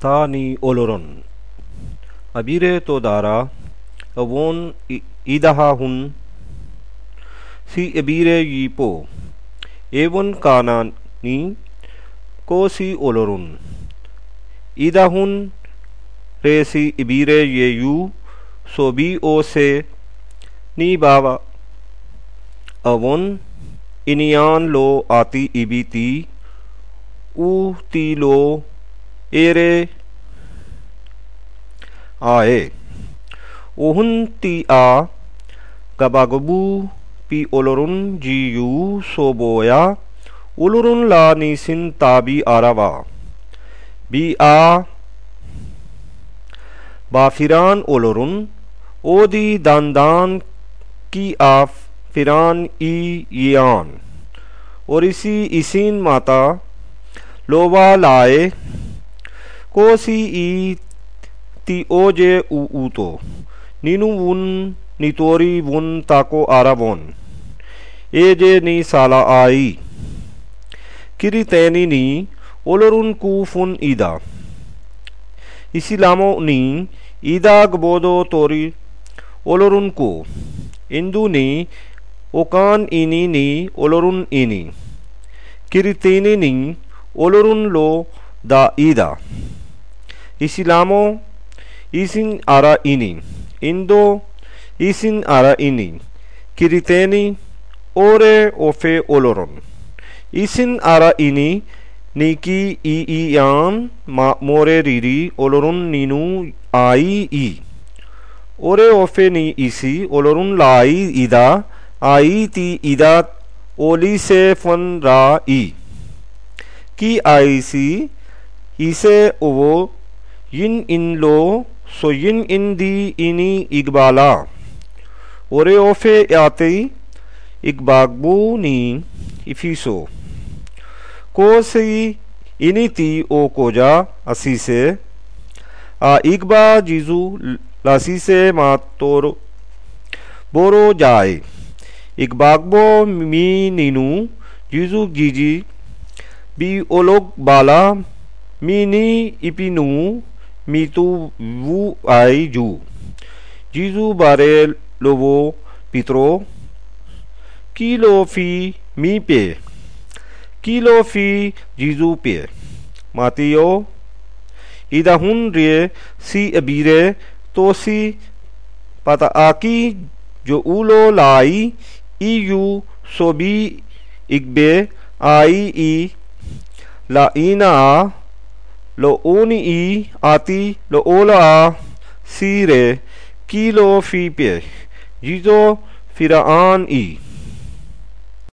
ثاني أولورون أبيري تودارا أون إدها هن सी एबीरे यीपो Avon Kanani को सी ओलोरुन ईदाहुन रे सी इबीरे ये यू सो बी ओ से नी बावा अवन इनियान लो आती इबी इबीती ऊ ती लो एरे आए ओहुंती आ गबागबू पी ओलोरुन जी यू सोबोया उलुरुन ला नीसिन ताबी आरावा बी आ बाफिरान ओलोरुन ओदी दानदान की आ फिरान ई यान और इसी इसीन माता लोवा लाए Kosi ti oye u uto. Ninu un nitori bun tako arabon. Eje ni sala ai. Kiriteni ni olorun kufun ida. Isilamo ni ida gbodo tori olorun ku. Indu ni okan ini ni olorun ini. Kiriteni ni olorun lo da ida. Islamo, Isin ara ini, Indo, Isin ara ini, Kiriteni, Ore ofe oloron. Isin ara ini, Niki i iam, ma more riri, oloron ninu ai i. Ore ofe ni isi, oloron lai ida, ai ti ida, oli se fon ra i. Ki aisi, ise ovo यिन इन लो सो यिन इन दी इनी इकबाला ओरे ओफे याते इकबागबू नी इफीसो को सी इनी ती ओ कोजा असी से आ इकबा जीजू लासी से मातोर बोरो जाए इकबागबो मी नीनू जीजू जीजी बी ओलोक बाला मी नी इपी mitu wu ai ju jizu bare lobo pitro kilo fi mi pe kilo fi jizu pe matiyo idahun rie si abire tosi pataaki जो उलो लाई ई यू सोबी इग्बे आई ई लाइना Lo lo ati loola sire kilo fipe jizo firaan i